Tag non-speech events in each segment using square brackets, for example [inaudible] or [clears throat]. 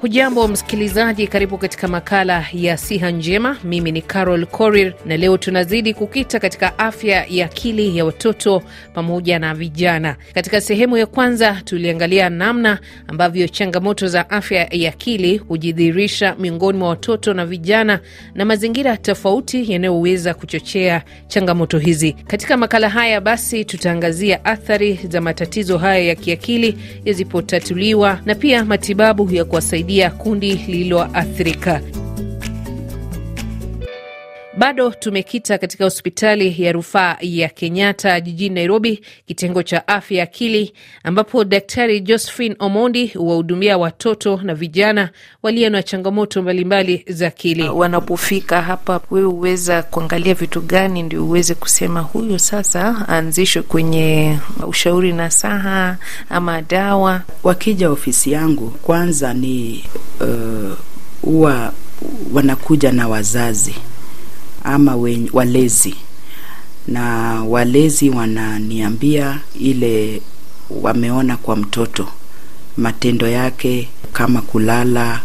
Hujambo msikilizaji, karibu katika makala ya siha njema. Mimi ni Carol Korir na leo tunazidi kukita katika afya ya akili ya watoto pamoja na vijana. Katika sehemu ya kwanza tuliangalia namna ambavyo changamoto za afya ya akili hujidhihirisha miongoni mwa watoto na vijana na mazingira tofauti yanayoweza kuchochea changamoto hizi. Katika makala haya basi, tutaangazia athari za matatizo haya ya kiakili yazipotatuliwa na pia matibabu ya kuwasaidia kusaidia kundi lililoathirika. Bado tumekita katika hospitali ya rufaa ya Kenyatta jijini Nairobi, kitengo cha afya ya akili, ambapo Daktari Josephine Omondi huwahudumia watoto na vijana walio na changamoto mbalimbali za akili. Uh, wanapofika hapa, wewe huweza kuangalia vitu gani ndio uweze kusema huyu sasa aanzishwe kwenye ushauri na saha ama dawa? Wakija ofisi yangu, kwanza ni uh, huwa uh, wanakuja na wazazi ama wen, walezi na walezi wananiambia ile wameona kwa mtoto matendo yake kama kulala,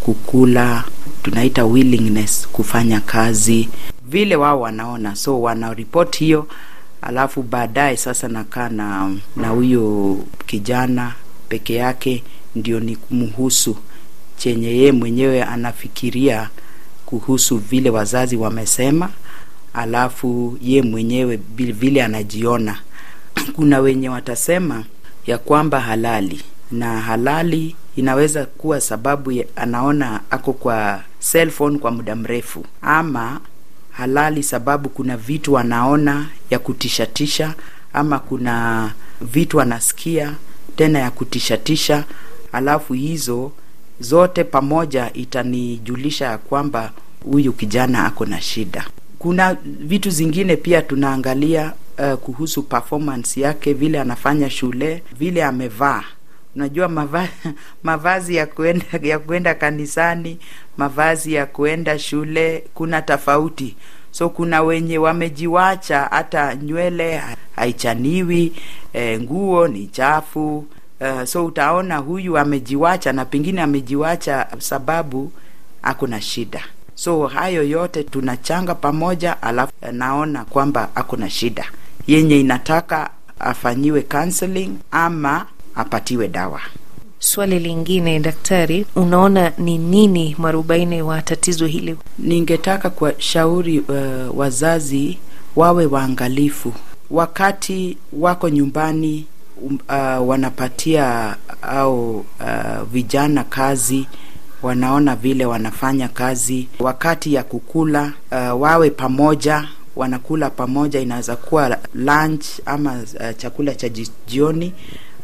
kukula, tunaita willingness, kufanya kazi vile wao wanaona, so wanaripoti hiyo. Alafu baadaye sasa nakaa na na huyo kijana peke yake, ndio ni kumhusu chenye yeye mwenyewe anafikiria kuhusu vile wazazi wamesema, alafu ye mwenyewe vile anajiona. [clears throat] Kuna wenye watasema ya kwamba halali na halali inaweza kuwa sababu ya anaona ako kwa cellphone kwa muda mrefu, ama halali sababu kuna vitu anaona ya kutishatisha, ama kuna vitu anasikia tena ya kutishatisha, alafu hizo zote pamoja itanijulisha ya kwamba huyu kijana ako na shida. Kuna vitu zingine pia tunaangalia uh, kuhusu performance yake, vile anafanya shule, vile amevaa. Unajua mava, [laughs] mavazi ya kuenda, ya kuenda kanisani, mavazi ya kuenda shule, kuna tofauti. So kuna wenye wamejiwacha hata nywele haichaniwi, e, nguo ni chafu. Uh, so utaona huyu amejiwacha na pengine amejiwacha sababu ako na shida. So hayo yote tunachanga pamoja, alafu eh, naona kwamba hakuna shida yenye inataka afanyiwe counseling ama apatiwe dawa. Swali lingine daktari, unaona ni nini mwarobaini wa tatizo hili? Ningetaka kuwashauri uh, eh, wazazi wawe waangalifu wakati wako nyumbani um, uh, wanapatia au uh, vijana kazi wanaona vile wanafanya kazi, wakati ya kukula uh, wawe pamoja wanakula pamoja, inaweza kuwa lunch ama uh, chakula cha jioni,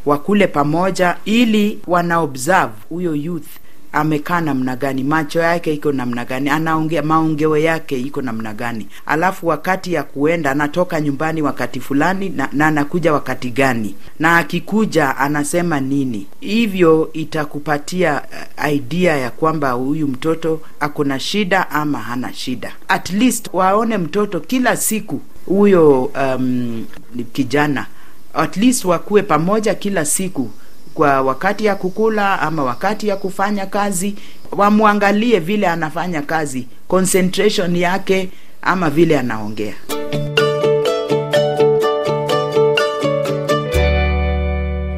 wakule pamoja ili wanaobserve huyo youth amekaa namna gani, macho yake iko namna gani, anaongea maongeo yake iko namna gani, alafu wakati ya kuenda anatoka nyumbani wakati fulani na, na anakuja wakati gani, na akikuja anasema nini. Hivyo itakupatia eh, idea ya kwamba huyu mtoto akona shida ama hana shida. At least waone mtoto kila siku huyo um, kijana at least wakuwe pamoja kila siku kwa wakati ya kukula ama wakati ya kufanya kazi, wamwangalie vile anafanya kazi, concentration yake ama vile anaongea.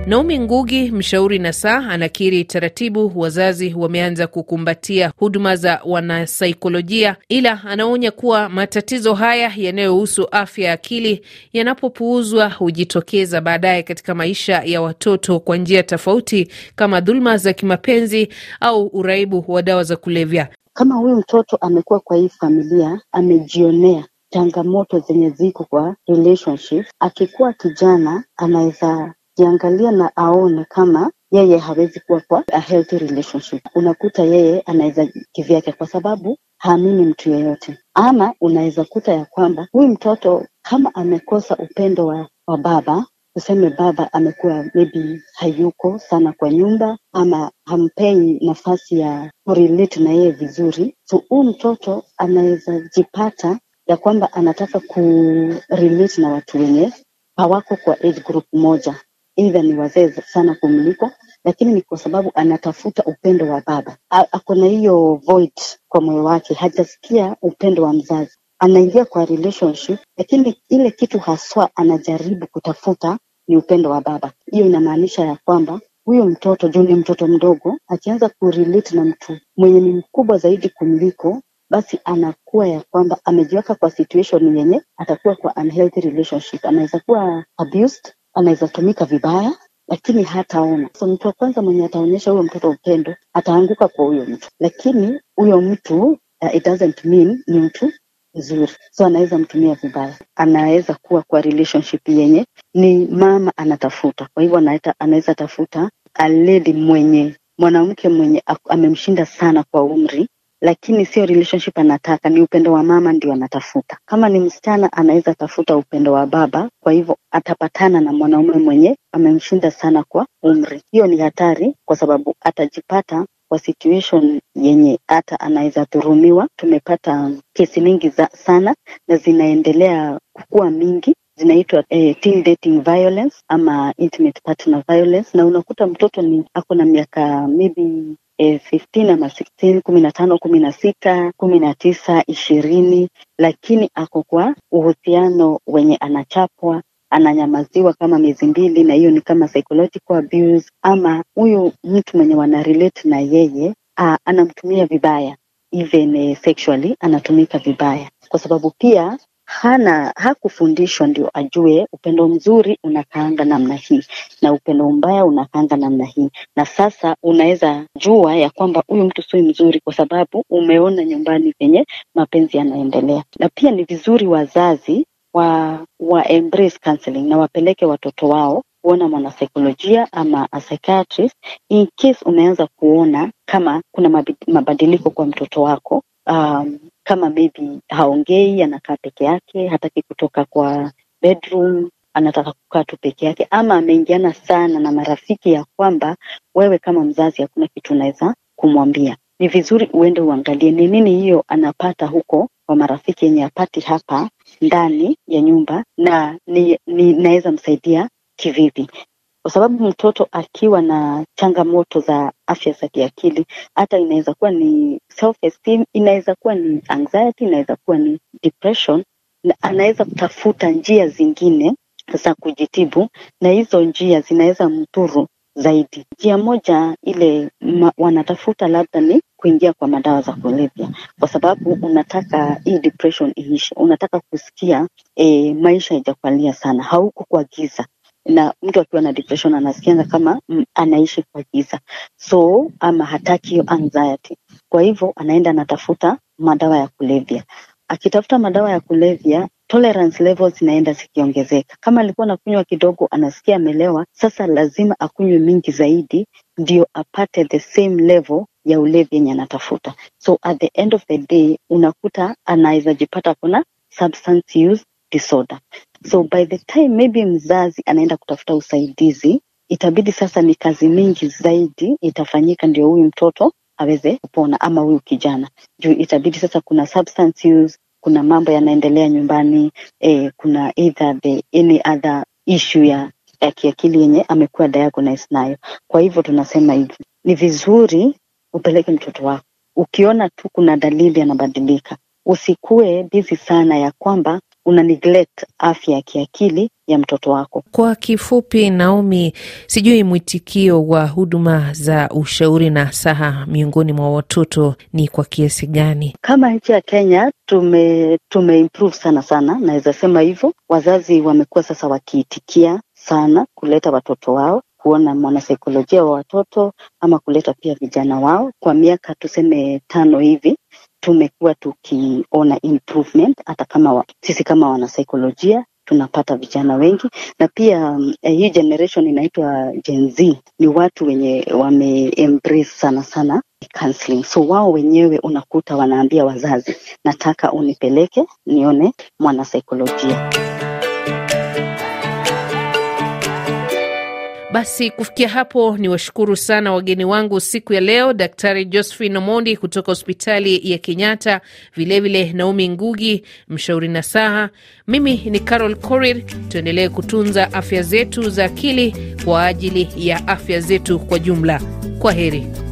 Naomi Ngugi, mshauri saa, anakiri taratibu wazazi wameanza kukumbatia huduma za wanasaikolojia, ila anaonya kuwa matatizo haya yanayohusu afya ya akili yanapopuuzwa hujitokeza baadaye katika maisha ya watoto kwa njia tofauti, kama dhuluma za kimapenzi au uraibu wa dawa za kulevya. Kama huyu mtoto amekuwa kwa hii familia, amejionea changamoto zenye ziko kwa relationship, akikuwa kijana anaweza Akiangalia na aone kama yeye hawezi kuwa kwa a healthy relationship. Unakuta yeye anaweza kivyake, kwa sababu haamini mtu yeyote, ama unaweza kuta ya kwamba huyu mtoto kama amekosa upendo wa, wa baba tuseme baba amekuwa maybe hayuko sana kwa nyumba ama hampei nafasi ya kurelate na yeye vizuri, so huu mtoto anaweza jipata ya kwamba anataka kurelate na watu wenye hawako kwa age group moja, Aidha ni wazee sana kumliko, lakini ni kwa sababu anatafuta upendo wa baba. Ako na hiyo void kwa moyo wake, hajasikia upendo wa mzazi. Anaingia kwa relationship, lakini ile kitu haswa anajaribu kutafuta ni upendo wa baba. Hiyo inamaanisha ya kwamba huyu mtoto juu ni mtoto mdogo, akianza kurelate na mtu mwenye ni mkubwa zaidi kumliko, basi anakuwa ya kwamba amejiweka kwa situation yenye atakuwa kwa unhealthy relationship, anaweza kuwa abused anaweza tumika vibaya lakini hataona. So mtu wa kwanza mwenye ataonyesha huyo mtoto upendo ataanguka kwa huyo mtu, lakini huyo mtu uh, it doesn't mean ni mtu mzuri, so anaweza mtumia vibaya. Anaweza kuwa kwa relationship yenye ni mama anatafuta, kwa hivyo anaweza tafuta aledi mwenye mwanamke mwenye amemshinda sana kwa umri lakini sio relationship anataka, ni upendo wa mama ndio anatafuta. Kama ni msichana, anaweza tafuta upendo wa baba, kwa hivyo atapatana na mwanaume mwenye amemshinda sana kwa umri. Hiyo ni hatari, kwa sababu atajipata kwa situation yenye hata anaweza dhurumiwa. Tumepata kesi mingi za sana na zinaendelea kukua mingi zinaitwa eh, teen dating violence ama intimate partner violence, na unakuta mtoto ni ako na miaka maybe 15 ama 16, 15, 16, tano, kumi na sita, lakini ako kwa uhusiano wenye anachapwa ananyamaziwa kama miezi mbili, na hiyo ni kama psychological abuse, ama huyu mtu mwenye wana relate na yeye a, anamtumia vibaya even eh, sexually anatumika vibaya, kwa sababu pia hana hakufundishwa ndio ajue upendo mzuri unakaanga namna hii na upendo mbaya unakaanga namna hii, na sasa unaweza jua ya kwamba huyu mtu si mzuri, kwa sababu umeona nyumbani penye mapenzi yanaendelea. Na pia ni vizuri wazazi wa, wa embrace counseling na wapeleke watoto wao kuona mwanasaikolojia ama a psychiatrist in case umeanza kuona kama kuna mabadiliko kwa mtoto wako um, kama maybe haongei, anakaa peke yake, hataki kutoka kwa bedroom, anataka kukaa tu peke yake, ama ameingiana sana na marafiki, ya kwamba wewe kama mzazi hakuna kitu unaweza kumwambia, ni vizuri uende uangalie ni nini hiyo anapata huko kwa marafiki yenye apati hapa ndani ya nyumba, na ni, ni naweza msaidia kivipi? Kwa sababu mtoto akiwa na changamoto za afya za kiakili, hata inaweza kuwa ni self esteem, inaweza kuwa ni anxiety, inaweza kuwa ni depression, na anaweza kutafuta njia zingine za kujitibu, na hizo njia zinaweza mturu zaidi. Njia moja ile ma, wanatafuta labda ni kuingia kwa madawa za kulevya, kwa sababu unataka hii depression iishe, unataka kusikia e, maisha haijakwalia sana, hauko kwa giza, na mtu akiwa na depression anasikianga kama mm, anaishi kwa giza, so ama hataki hiyo anxiety. Kwa hivyo anaenda anatafuta madawa ya kulevya. Akitafuta madawa ya kulevya tolerance levels zinaenda zikiongezeka. Kama alikuwa anakunywa kidogo, anasikia amelewa, sasa lazima akunywe mingi zaidi ndio apate the same level ya ulevi yenye anatafuta. So at the end of the day unakuta anaweza jipata kuna substance use disorder. So by the time maybe mzazi anaenda kutafuta usaidizi, itabidi sasa ni kazi mingi zaidi itafanyika ndio huyu mtoto aweze kupona ama huyu kijana, juu itabidi sasa kuna substance use, kuna mambo yanaendelea nyumbani eh, kuna either the any other issue ya ya kiakili yenye amekuwa diagnosed nayo. Kwa hivyo tunasema hivi, ni vizuri upeleke mtoto wako, ukiona tu kuna dalili anabadilika, usikue bizi sana ya kwamba una neglect afya ya kiakili ya mtoto wako. Kwa kifupi, Naomi, sijui mwitikio wa huduma za ushauri na saha miongoni mwa watoto ni kwa kiasi gani? Kama nchi ya Kenya tume tumeimprove sana sana, naweza sema hivyo. Wazazi wamekuwa sasa wakiitikia sana kuleta watoto wao kuona mwanasaikolojia wa watoto ama kuleta pia vijana wao. Kwa miaka tuseme tano hivi tumekuwa tukiona improvement hata kama wa, sisi kama wanasaikolojia tunapata vijana wengi na pia um, hii generation inaitwa Gen Z ni watu wenye wame sana sana counseling. So wao wenyewe unakuta wanaambia wazazi, nataka unipeleke nione mwanasaikolojia. Basi kufikia hapo, ni washukuru sana wageni wangu siku ya leo, Daktari Josephine Omondi kutoka hospitali ya Kenyatta, vilevile Naomi Ngugi, mshauri nasaha. Mimi ni Carol Korir. Tuendelee kutunza afya zetu za akili kwa ajili ya afya zetu kwa jumla. Kwa heri.